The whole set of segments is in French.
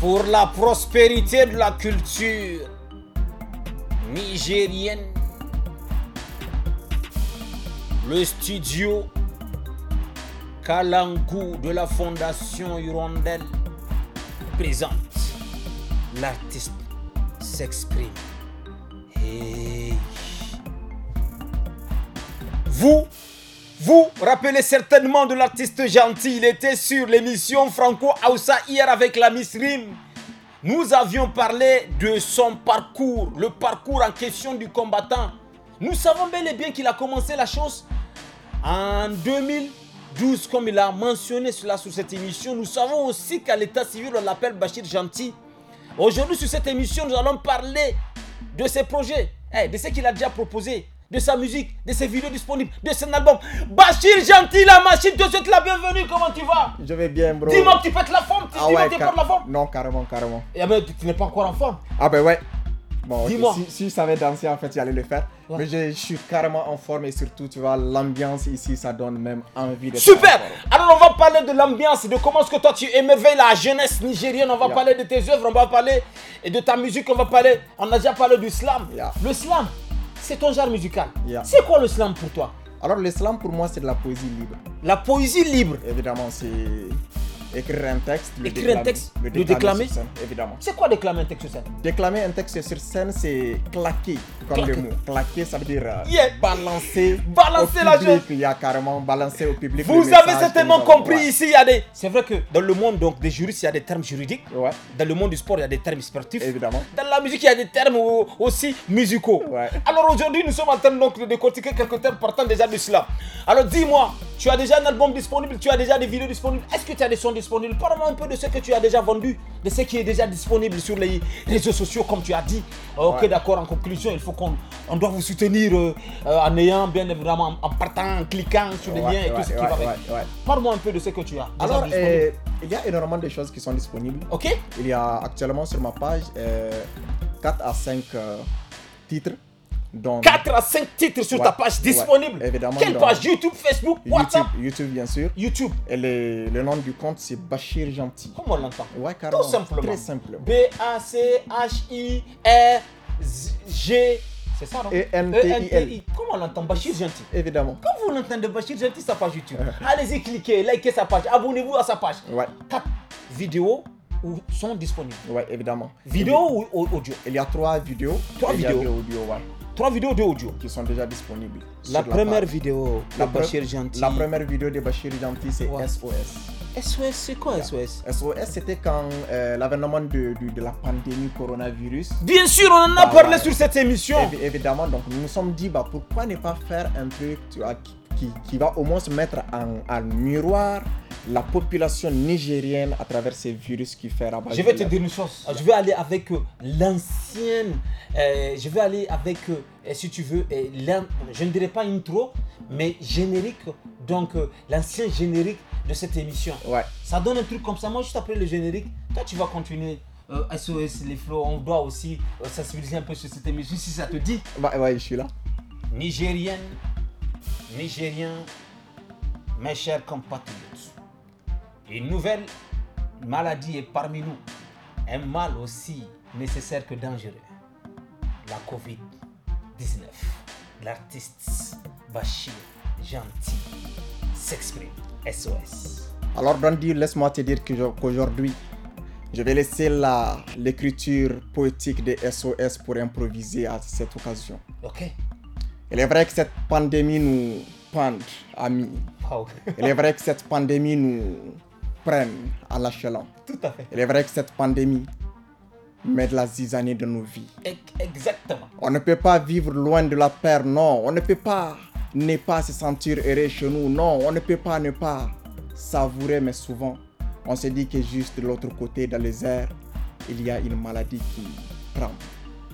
pour la prospérité de la culture nigérienne. Le studio Kalangu de la Fondation Yorondel présente l'artiste s'exprime. et... Vous rappelez certainement de l'artiste gentil. Il était sur l'émission Franco Aoussa hier avec la Miss Rim. Nous avions parlé de son parcours, le parcours en question du combattant. Nous savons bel et bien qu'il a commencé la chose en 2012, comme il a mentionné cela sur cette émission. Nous savons aussi qu'à l'état civil, on l'appelle Bachir Gentil. Aujourd'hui, sur cette émission, nous allons parler de ses projets, eh, de ce qu'il a déjà proposé, de sa musique, de ses vidéos disponibles, de son album. Bachir Gentil, la machine, te souhaite la bienvenue. Comment tu vas Je vais bien, bro. Dis-moi que tu pètes la forme. Tu ah dis ouais, la forme Non, carrément, carrément. Eh ben, tu, n'es pas encore en forme. Ah ben ouais. Bon, si, je savais danser, en fait, j'allais le faire. Mais je, suis carrément en forme et surtout, tu vois, l'ambiance ici, ça donne même envie de Super Alors, on va parler de l'ambiance, de comment est-ce que toi, tu émerveilles la jeunesse nigérienne. On va parler de tes œuvres, on va parler de ta musique, on va parler... On a déjà parlé du slam. Le slam, c'est ton genre musical. C'est quoi le slam pour toi Alors, le slam pour moi, c'est de la poésie libre. La poésie libre Évidemment, c'est Écrire un texte, le, Écrire un texte, déclamer, évidemment. C'est quoi déclamer un texte sur scène Déclamer un texte sur scène, c'est claquer, comme claquer. le mot. Claquer, ça veut dire euh, balancer, balancer au la public. Il y a carrément balancer au public. Vous avez certainement compris ici, il y a des. C'est vrai que dans le monde donc, des juristes, il y a des termes juridiques. Dans le monde du sport, il y a des termes sportifs. Évidemment. Dans la musique, il y a des termes aussi musicaux. Alors aujourd'hui, nous sommes en train donc, de décortiquer quelques termes partant déjà de cela. Alors dis-moi, tu as déjà un album disponible, tu as déjà des vidéos disponibles. Est-ce que tu as des sons disponibles Parle-moi un peu de ce que tu as déjà vendu, de ce qui est déjà disponible sur les réseaux sociaux, comme tu as dit. Ok, d'accord, en conclusion, il faut qu'on on doit vous soutenir euh, euh, en ayant, bien évidemment, en partant, en cliquant sur les liens et tout ce qui va avec. Parle-moi un peu de ce que tu as. Alors, euh, il y a énormément de choses qui sont disponibles. Ok. Il y a actuellement sur ma page 4 à 5 titres 4 à 5 titres sur ta page disponible. Quelle page YouTube, Facebook, WhatsApp YouTube, bien sûr. YouTube. Et le, nom du compte, c'est Bachir Gentil. Comment on l'entend Ouais, Tout simplement. Très simple. B-A-C-H-I-R-G. C'est ça, non e n t i l e Comment on l'entend Bachir Gentil Évidemment. Quand vous l'entendez Bachir Gentil, sa page YouTube, allez-y, cliquez, likez sa page, abonnez-vous à sa page. Ouais. 4 vidéos sont disponibles. Oui, évidemment. Vidéo ou audio Il y a trois vidéos. Trois vidéos. audio, Trois vidéos de audio qui sont déjà disponibles. La première vidéo de la Bachir Gentil. La première vidéo de Bachir Gentil, c'est SOS. SOS, c'est quoi SOS SOS, c'était quand euh, l'avènement de, la pandémie coronavirus. Bien sûr, on en a bah, parlé sur cette émission. évidemment, donc nous nous sommes dit, bah, pourquoi ne pas faire un truc qui, qui, va au moins se mettre en miroir la population nigérienne à travers ces virus qui fait rabat. Je vais te dire une chose. Ah, je vais aller avec euh, l'ancienne. Euh, je vais aller avec, euh, si tu veux, je ne dirais pas intro, mais générique. Donc, l'ancien générique de cette émission. Ouais. Ça donne un truc comme ça. Moi, juste après le générique, toi, tu vas continuer. SOS, les flots, on doit aussi sensibiliser un peu sur cette émission si ça te dit. Bah, ouais, je suis là. Nigérienne, Nigérien, mes chers compatriotes. Une nouvelle maladie est parmi nous, un mal aussi nécessaire que dangereux, la COVID-19. L'artiste Bachir Gentil s'exprime, SOS. Alors Brandy, laisse-moi te dire qu'aujourd'hui, je vais laisser l'écriture poétique de SOS pour improviser à cette occasion. Ok. Il est vrai que cette pandémie nous pend, amis. Ah, Il est vrai que cette pandémie nous prennent à l'échelon. Tout à fait. Il est vrai que cette pandémie met de la zizanie dans nos vies. Exactement. On ne peut pas vivre loin de la paix, non. On ne peut pas ne pas se sentir erré chez nous, non. On ne peut pas ne pas savourer, mais souvent, on se dit que juste de l'autre côté, dans les airs, il y a une maladie qui prend,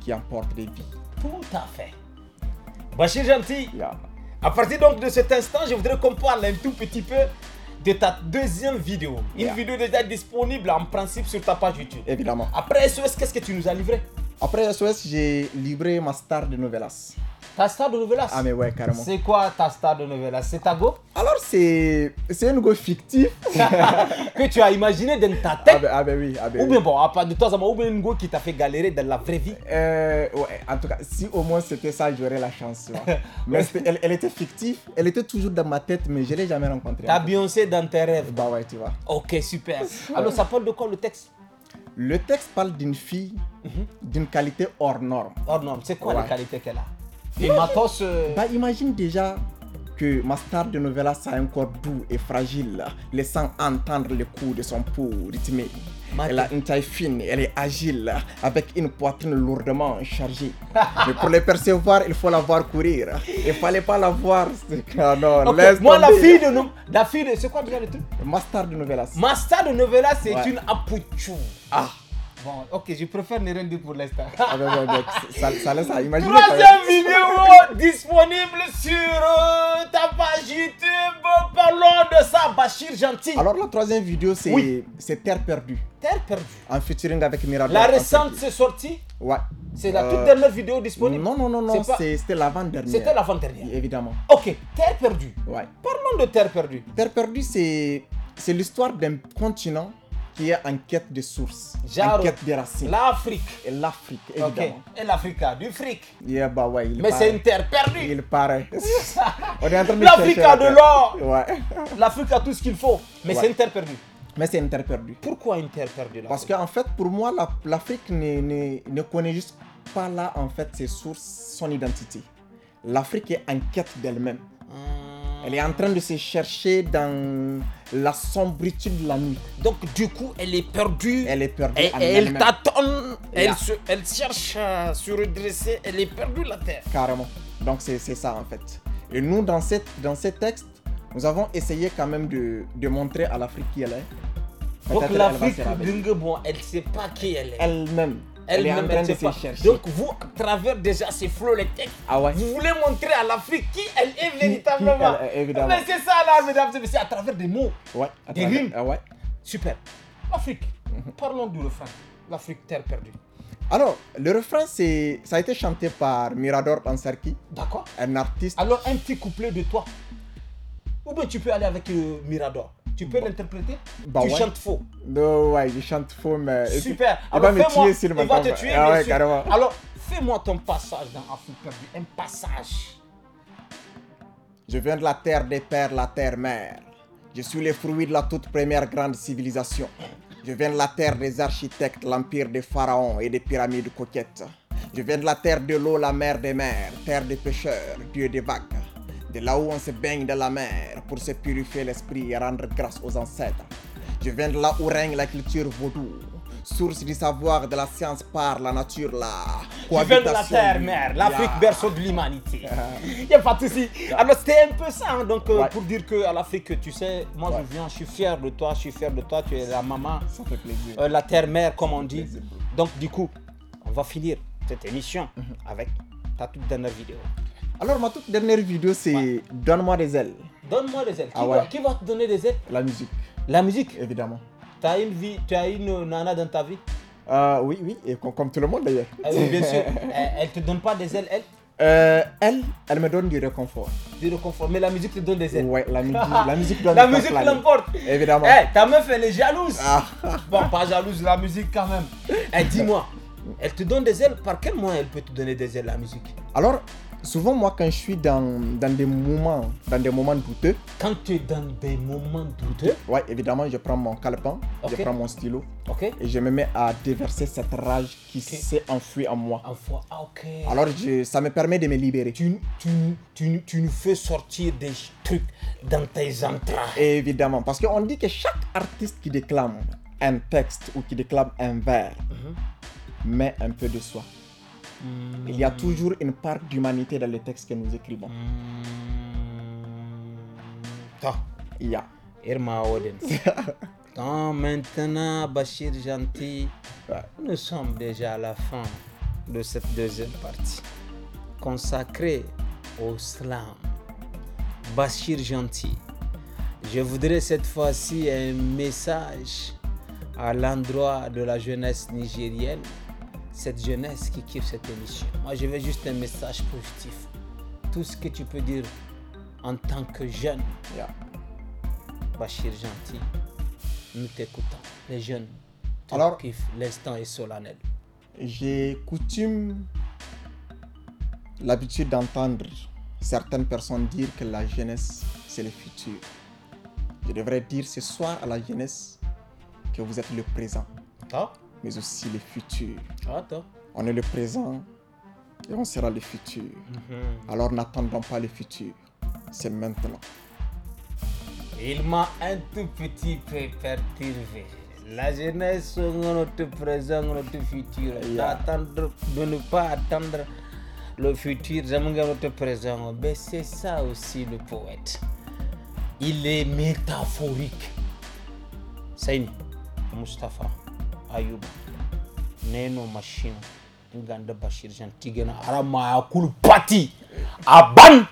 qui emporte des vies. Tout à fait. Bachir Gentil, à partir donc de cet instant, je voudrais qu'on parle un tout petit peu de ta deuxième vidéo. Une vidéo déjà disponible en principe sur ta page YouTube. Évidemment. Après SOS, qu'est-ce que tu nous as livré Après SOS, j'ai livré ma star de Novelas. Ta star de Novelas Ah, mais ouais, carrément. C'est quoi ta star de Novelas C'est ta go Alors, c'est c'est une go fictive. que tu as imaginé dans ta tête. Ah, ben, ah ben oui. Ah ben ou bien, bon, à part de toi, ça m'a ou bien une go qui t'a fait galérer dans la vraie vie. Euh, ouais, en tout cas, si au moins c'était ça, j'aurais la chance. Ouais. mais elle, elle, était fictive. Elle était toujours dans ma tête, mais je ne l'ai jamais rencontrée. T'as Beyoncé dans tes rêves. Bah ouais, tu vois. Ok, super. Alors, ça parle de quoi le texte Le texte parle d'une fille mhm. d'une qualité hors norme. Hors norme. C'est quoi la qualité qu'elle a et Matos. Euh, bah, imagine déjà que ma star de novella, a un corps doux et fragile, laissant entendre le coup de son pouls rythmé. Elle a une taille fine, elle est agile, avec une poitrine lourdement chargée. Mais pour le percevoir, il faut la voir courir. Il fallait pas la voir. ce ah non, Moi, la fille de nous, la fille c'est quoi déjà le truc Master de Novelas. Master de Novelas, c'est une apuchou. Ah. Bon, ok, je préfère ne rien dire pour l'instant. ah ben, ben, ça, laisse à imaginer. Troisième vidéo disponible sur euh, ta page YouTube. Parlons de ça, Bachir Gentil. Alors, la troisième vidéo, c'est Terre perdue. Terre perdue. En featuring avec Mirador. La récente, c'est sorti Ouais. C'est la euh, toute dernière vidéo disponible Non, non, non, non. C'était l'avant-dernière. C'était l'avant-dernière. Évidemment. Ok, Terre perdue. Ouais. Parlons de Terre perdue. Terre perdue, c'est l'histoire d'un continent qui est en quête de sources, en quête des racines. L'Afrique. Et l'Afrique, évidemment. Et l'Afrique, du fric. Bah mais c'est une terre perdue. Il paraît. On L'Afrique a de l'or. Ouais. L'Afrique a tout ce qu'il faut. Mais c'est une terre perdue. Mais c'est une terre perdue. Pourquoi une terre perdue Parce qu'en fait, pour moi, l'Afrique ne, ne, connaît juste pas là, en fait, ses sources, son identité. L'Afrique est en quête d'elle-même. Elle est en train de se chercher dans la sombritude de la nuit. Donc du coup, elle est perdue. Elle est perdue. Et, elle tâtonne. Elle, elle cherche à se redresser. Elle est perdue la terre. Carrément. Donc c'est ça en fait. Et nous, dans, cette, dans ces textes, nous avons essayé quand même de, de montrer à l'Afrique qui elle est. Donc l'Afrique, elle ne sait pas qui elle est. Elle-même elle, m'a ne Chercher. Donc vous, à travers déjà ces flots, les ah vous voulez montrer à l'Afrique qui elle est véritablement. Euh, Mais c'est ça là, mesdames et messieurs, à travers des mots, des rimes. Ah Super. Afrique, mhm. Parlons du refrain. L'Afrique, terre perdue. Alors, le refrain, ça a été chanté par Mirador Pansarki. D'accord. Un artiste. Alors, un petit couplet de toi. Ou bien tu peux aller avec euh, Mirador tu peux l'interpréter, bah tu chantes faux. Non, ouais, je chante faux, mais. Super. Alors, va me tuer s'il va te tuer, ah Alors, fais-moi ton passage dans Afrique un passage. Je viens de la terre des pères, la terre mère. Je suis le fruit de la toute première grande civilisation. Je viens de la terre des architectes, l'empire des pharaons et des pyramides coquettes. Je viens de la terre de l'eau, la mer des mers, terre des pêcheurs, dieu des vagues de là où on se baigne dans la mer pour se purifier l'esprit et rendre grâce aux ancêtres. Je viens de là où règne la culture vaudou, source du savoir de la science par la nature, là. Je viens de la terre mère, l'Afrique berceau de l'humanité. Il n'y a pas de souci. Alors c'était un peu ça, hein. donc euh, pour dire qu'à l'Afrique, tu sais, moi je viens, je suis fier de toi, je suis fier de toi, tu es la maman. Ça fait plaisir. Euh, la terre mère, comme on dit. Donc du coup, on va finir cette émission mm-hmm. avec ta toute dernière vidéo. Alors, ma toute dernière vidéo, c'est Donne-moi des ailes. Donne-moi des ailes. Ah qui, va, te donner des ailes La musique. La musique Évidemment. Tu as une une nana dans ta vie ah Oui, oui, comme, tout le monde d'ailleurs. Ah bien sûr. elle ne te donne pas des ailes, elle euh, elle, elle me donne du réconfort. Du réconfort, mais la musique te donne des ailes. Ouais, la, musique la musique donne La musique l'emporte. Évidemment. Hey, eh, ta meuf, elle est jalouse. bon, pas jalouse, la musique quand même. Hey, eh, dis-moi, elle te donne des ailes. Par quel moyen elle peut te donner des ailes, la musique Alors, souvent moi quand je suis dans, des moments dans des moments douteux quand tu es dans des moments douteux ouais évidemment je prends mon calepin je prends mon stylo et je me mets à déverser cette rage qui s'est enfouie en moi ah, alors ça me permet de me libérer tu, tu, nous fais sortir des trucs dans tes entrailles évidemment parce qu'on dit que chaque artiste qui déclame un texte ou qui déclame un vers mhm. met un peu de soi hmm il y a toujours une part d'humanité dans les textes que nous écrivons. Hmm. Il y Irma Oden. Tant maintenant, Bachir Gentil, nous sommes déjà à la fin de cette deuxième partie consacrée au slam. Bachir Gentil, je voudrais cette fois-ci un message à l'endroit de la jeunesse nigérienne cette jeunesse qui kiffe cette émission. Moi, je veux juste un message positif. Tout ce que tu peux dire en tant que jeune. Yeah. Bachir Gentil, nous t'écoutons. Les jeunes, Alors, kiffent. L'instant est solennel. J'ai coutume, l'habitude d'entendre certaines personnes dire que la jeunesse, c'est le futur. Je devrais dire ce soir à la jeunesse que vous êtes le présent. Ah mais aussi le futur. Ah, on est le présent et on sera le futur. Mhm. Alors n'attendons pas le futur, c'est maintenant. Il m'a un tout petit peu perturbé. La jeunesse, notre présent, notre futur. Attendre de ne pas attendre le futur, j'aime notre présent. Mais c'est ça aussi le poète. Il est métaphorique. Saïd Mustafa. ayuba neno machine inganda bashir jan tigena arama akulu pati aban